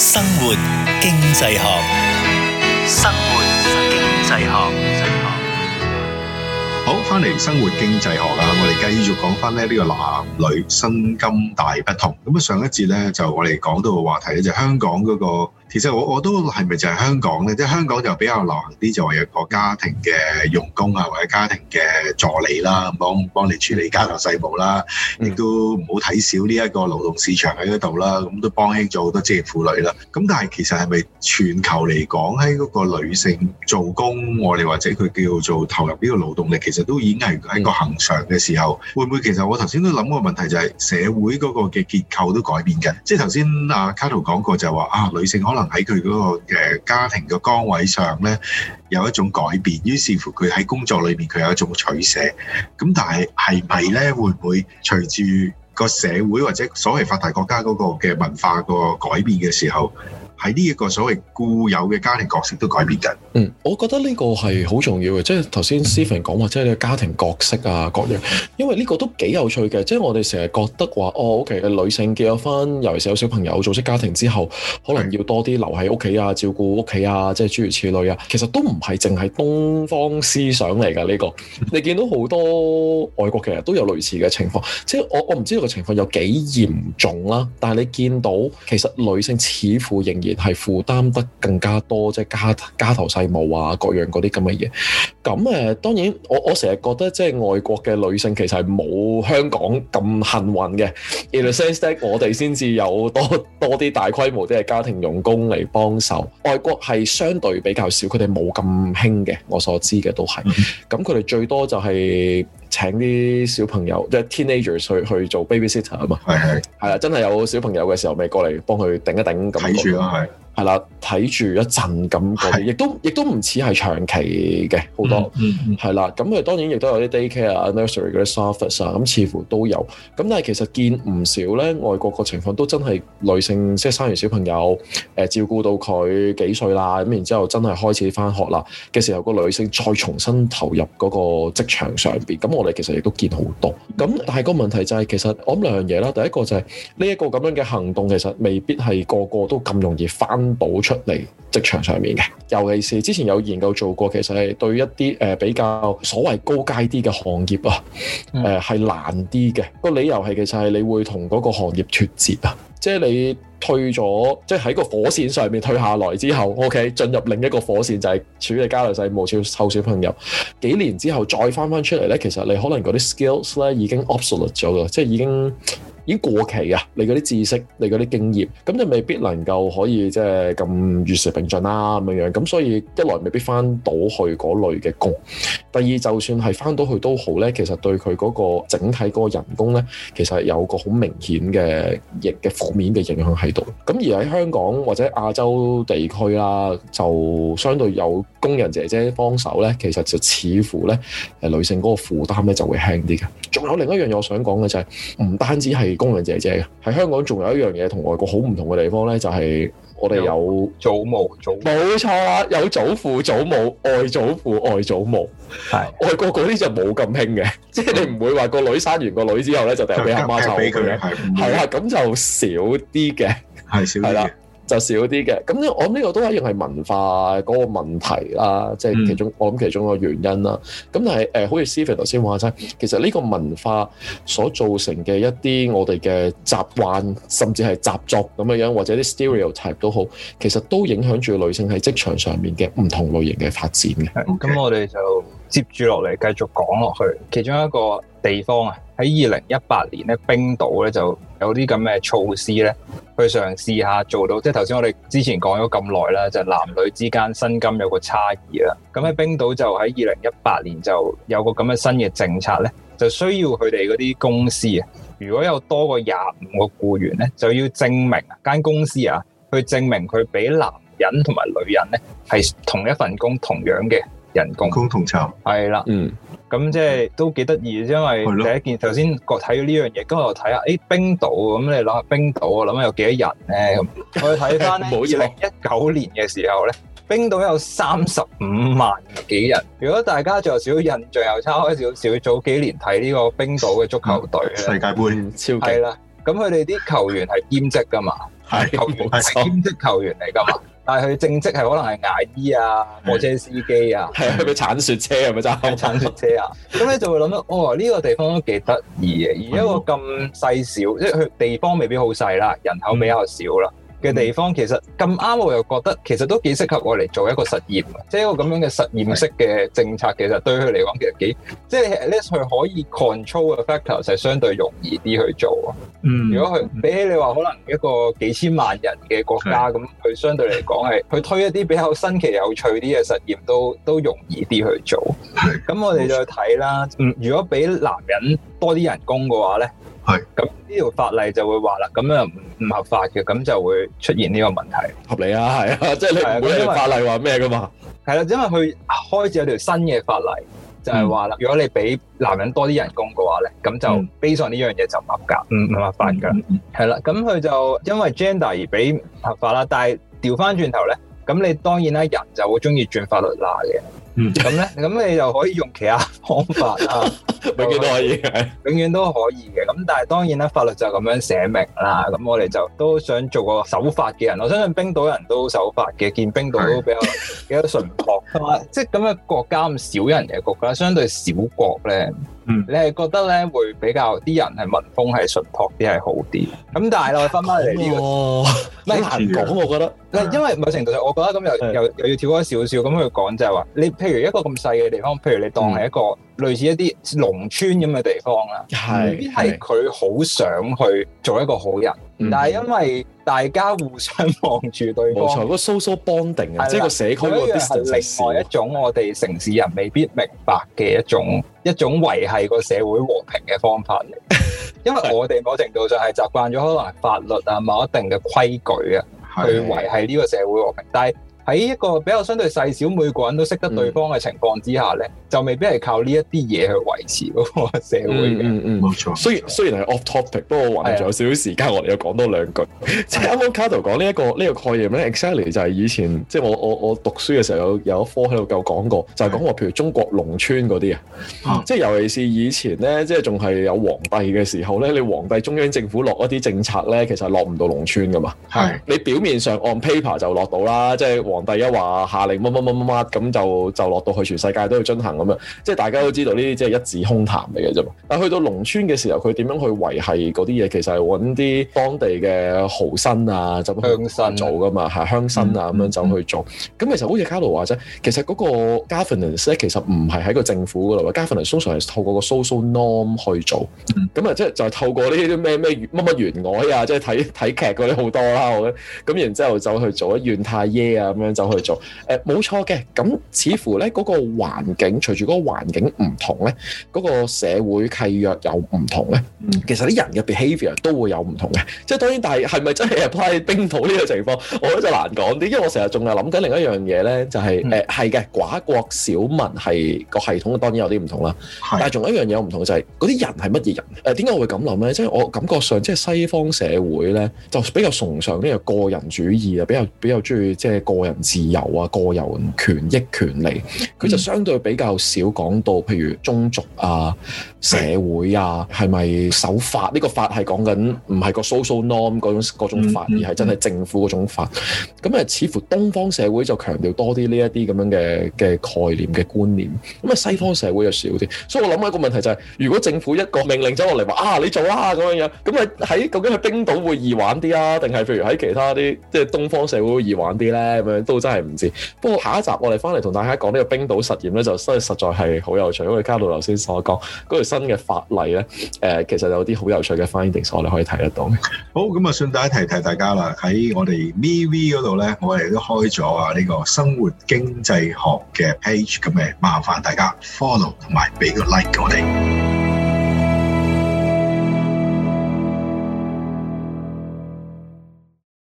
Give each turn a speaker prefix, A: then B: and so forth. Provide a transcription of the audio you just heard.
A: 生活經濟學，生活經濟學好，好翻嚟生活經濟學啦！我哋繼續講翻咧呢個男女薪金大不同。咁啊，上一節咧就我哋講到嘅話題咧就係香港嗰個。其實我我都係咪就係香港咧？即係香港就比較流行啲，就係有個家庭嘅傭工啊，或者家庭嘅助理啦，幫幫，幫你處理家頭細務啦，亦、嗯、都唔好睇少呢一個勞動市場喺嗰度啦。咁都幫輕咗好多職業婦女啦。咁但係其實係咪全球嚟講，喺嗰個女性做工，我哋或者佢叫做投入呢個勞動力，其實都已經係喺個恒常嘅時候。會唔會其實我頭先都諗個問題就係社會嗰個嘅結構都改變嘅。即係頭先阿卡圖講過就係話啊，女性可能。可能喺佢嗰個誒家庭嘅崗位上咧，有一種改變，於是乎佢喺工作裏面佢有一種取捨，咁但係係唔係咧？會唔會隨住個社會或者所謂發達國家嗰個嘅文化個改變嘅時候？喺呢一個所謂固有嘅家庭
B: 角色都改變緊。嗯，我覺得呢個係好重要嘅，嗯嗯，即係頭先 Stephen 講話，即係你嘅家庭角色啊，各樣，因為呢個都幾有趣嘅，即係我哋成日覺得話，哦，OK，女性結咗婚，尤其是有小朋友、組織家庭之後，可能要多啲留喺屋企啊，照顧屋企啊，即係諸如此類啊。其實都唔係淨係東方思想嚟㗎，呢、呢個 你見到好多外國其實都有類似嘅情況，即係我我唔知道個情況有幾嚴重啦，啊，但係你見到其實女性似乎仍然係負擔得更加多，即係家家頭細務啊，各樣嗰啲咁嘅嘢。咁誒，當然我我成日覺得即係外國嘅女性其實係冇香港咁幸運嘅。In a sense 咧，我哋先至有多多啲大規模啲嘅家庭傭工嚟幫手。外國係相對比較少，佢哋冇咁興嘅。我所知嘅都係，咁佢哋最多就係、是。請啲小朋友即係、就是、teenagers 去去做 baby sitter 啊嘛，係係係啦，真係有小朋友嘅時候咪過嚟幫佢頂一頂咁。睇住咯係。係啦，睇住一陣感覺，亦的都亦都唔似係長期嘅，好多係啦。咁佢、嗯嗯嗯、當然亦都有啲 daycare 啊、nursery 嗰啲 service 啊，咁似乎都有。咁但係其實見唔少咧，外國個情況都真係女性即係生完小朋友、呃，照顧到佢幾歲啦，咁然之後真係開始翻學啦嘅時候，個女性再重新投入嗰個職場上邊。咁我哋其實亦都見好多。咁、嗯、但係個問題就係、是、其實我諗兩樣嘢啦，第一個就係呢一個咁樣嘅行動，其實未必係個個都咁容易翻。補出嚟職場上面嘅，尤其是之前有研究做過，其實係對一啲誒、呃、比較所謂高階啲嘅行業啊，誒係、嗯呃、難啲嘅。個理由係其實係你會同嗰個行業脱節啊，即、就、係、是、你退咗，即係喺個火線上面退下來之後，OK 進入另一個火線，就係、是、處理家頭細務，湊小,小朋友。幾年之後再翻翻出嚟咧，其實你可能嗰啲 skills 咧已經 obsolete 咗啦，即、就、係、是、已經。已經過期啊！你嗰啲知識，你嗰啲經驗，咁就未必能夠可以即係咁與時並進啦咁樣樣。咁所以一來未必返到去嗰類嘅工，第二就算係返到去都好咧，其實對佢嗰個整體嗰個人工咧，其實有個好明顯嘅逆嘅負面嘅影響喺度。咁而喺香港或者亞洲地區啦，就相對有工人姐姐幫手咧，其實就似乎咧誒女性嗰個負擔咧就會輕啲嘅。仲有另一樣我想講嘅就係、是、唔單止係。工人姐姐嘅喺香港，仲有一樣嘢同外國好唔同嘅地方咧，就係我哋有祖母、祖冇錯啦，有祖父、祖母、外祖父、外祖母，係外國嗰啲就冇咁興嘅，即係你唔會話個女生完個女之後咧，就掉俾阿媽湊佢嘅，係啦，咁就少啲嘅，係少啲嘅。就少啲嘅，咁咧我呢個都可以係文化嗰個問題啦，即係其中、嗯、我諗其中一個原因啦。咁但係、呃、好似 Stephen 頭先話齋，其實呢個文化所造成嘅一啲我哋嘅習慣，甚至係習俗咁樣，或者啲 stereotype 都好，其實都影響住女性喺職場上面嘅唔同類型嘅發展嘅。
C: 咁、嗯、我哋就接住落嚟繼續講落去，其中一個地方啊，喺二零一八年咧，冰島咧就。有啲咁嘅措施咧，去嘗試下做到。即係頭先我哋之前講咗咁耐啦，就男女之間薪金有個差異啦。咁喺冰島就喺二零一八年就有個咁嘅新嘅政策咧，就需要佢哋嗰啲公司啊，如果有多過廿五個僱員咧，就要證明間公司啊，去證明佢俾男人同埋女人咧係同一份工同樣嘅。人工同酬係啦，嗯，咁即係都幾得意，因為第一件首先，我睇咗呢樣嘢，今日我睇下，誒，冰島咁，你諗下冰島我諗下有幾多人咧？我睇翻二零一九年嘅時候咧，冰島有三十五萬幾人。如果大家仲有少少印象，又差開少少，早幾年睇呢個冰島嘅足球隊世界
A: 杯超勁，係啦，
C: 咁佢哋啲球員係兼職噶嘛，係球員係兼職球員嚟噶嘛。但係佢正職係可能係牙醫啊、貨車司機啊，係啊，譬如鏟雪車係咪就？揸鏟雪車啊，咁 你就會諗到：「哦，呢、呢個地方都幾得意嘅，而一個咁細小，即係佢地方未必好細啦，人口比較少啦。嗯嘅地方其實咁啱，我又覺得其實都幾適合我嚟做一個實驗，即係一個咁樣嘅實驗式嘅政策。的其實對佢嚟講，其實幾即係呢？佢、就係、可以 control 嘅 factor 係相對容易啲去做。嗯，如果佢比起你話可能一個幾千萬人嘅國家咁，佢的相對嚟講係佢推一啲比較新奇有趣啲嘅實驗都都容易啲去做。咁 我哋再睇啦。嗯，如果俾男人多啲人工嘅話咧，係咁呢條法例就會話啦，咁樣唔合法嘅，咁就會出現呢個問題。合理啊，係啊，即係你每條法例話咩噶嘛？係啦，因為佢開始有條新嘅法例，就係話啦，如果你俾男人多啲人工嘅話咧，咁就 based 呢樣嘢就唔合格，唔唔合法㗎。係啦，咁佢就因為 gender 而俾唔合法啦，但係調翻轉頭咧，咁你當然啦，人就會中意鑽法律罅嘅，嗯，咁咧，咁你就可以用其他方法啊。永遠都可以嘅，永遠都可以嘅。咁但係當然咧，法律就係咁樣寫明啦。咁我哋就都想做個守法嘅人。我相信冰島人都守法嘅，見冰島都比較比較淳樸。同埋，即係咁嘅國家咁少人嘅國家，相對小國咧，你係覺得咧會比較啲人係民風係淳樸啲係好啲。咁但係我分翻嚟呢個，唔係好難講，我覺得，因為某程度上，我覺得咁又又又要跳開少少。咁佢講就係話，你譬如一個咁細嘅地方，譬如你當係一個。類似一啲農村咁嘅地方啦，是是未必係佢好想去做一個好人，嗯、但係因為大家互相望住對方，冇錯，個 social bonding 啊，即係個社區嘅 distance 係一種我哋城市人未必明白嘅一種、嗯、一種維係個社會和平嘅方法嚟。因為我哋某程度上係習慣咗可能法律啊某一定嘅規矩啊，去維係呢個社會和平，但係。喺一個比較相對細小，小每個人都識得對方嘅情況之下咧，嗯、就未必係靠呢一啲嘢去維持嗰個社會嘅、嗯。嗯冇、嗯、
B: 錯。錯雖然雖然係 off topic，不過我還係仲的有少少時間，我哋又講多兩句。即係啱啱 Carlo 講呢一個呢的個概念咧 exactly 就係以前即係、就是、我我我讀書嘅時候有有一科喺度教講過，就係、是、講話譬如中國農村嗰啲啊，即係的尤其是以前咧，即係仲係有皇帝嘅時候咧，你皇帝中央政府落一啲政策咧，其實落唔到農村噶嘛。係的。你表面上 on paper 就落到啦，即、就、係、是皇帝一話下令乜乜乜乜乜咁就就落到去全世界都要進行咁樣，即係大家都知道呢啲即係一紙空談嚟嘅啫嘛。但去到農村嘅時候，佢點樣去維繫嗰啲嘢？其實係揾啲當地嘅豪紳啊，就咁去做㗎嘛，係鄉紳啊咁、嗯、樣走去做。咁、嗯、其實好似卡洛話齋其實嗰個 governance 咧，其實唔係喺個政府㗎啦，governance 通常係透過個 social norm 去做。咁、嗯、啊，即係就係透過呢啲咩咩乜乜言外啊，即係睇睇劇嗰啲好多啦，我覺得。咁然之後就去做一縣太爺啊咁走去做，誒冇錯嘅，咁似乎咧嗰、那個環境隨住嗰個環境唔同咧，嗰、那個社會契約又唔同咧，嗯、其實啲人嘅 behaviour 都會有唔同嘅，即係當然，但係係咪真係 apply 冰島呢個情況，嗯、我覺得就難講啲，因為我成日仲係諗緊另一樣嘢咧，就係誒係嘅寡國小民係、那個系統當然有啲唔同啦，是但係仲有一樣嘢唔同就係嗰啲人係乜嘢人？誒點解我會咁諗咧？即係我感覺上即係西方社會咧就比較崇尚呢個個人主義啊，比較比較中意即係個。自由啊，個人權益、權利，佢就相對比較少講到，譬如宗族啊、社會啊，係咪守法？呢個法係講緊唔係個 social norm 嗰種法，而係真係政府嗰種法。咁啊，似乎東方社會就強調多啲呢一啲咁樣嘅嘅概念嘅觀念，咁啊西方社會又少啲。所以我諗一個問題就係，如果政府一個命令走落嚟話啊，你做啦咁樣樣，咁啊喺究竟喺冰島會易玩啲啊，定係譬如喺其他啲即係東方社會會易玩啲咧都真係唔知，不過下一集我哋翻嚟同大家講呢個冰島實驗咧，就真係實在係好有趣，因為加到頭先所講嗰條新嘅法例咧，誒、呃，其實有啲好有趣嘅 findings 我哋可以睇得到。好，咁啊，順
A: 帶提提大家啦，喺我哋 MeWe 嗰度咧，我哋都開咗啊呢個生活經濟學嘅 page，咁咪，麻煩大家 follow 同埋俾個 like 我哋。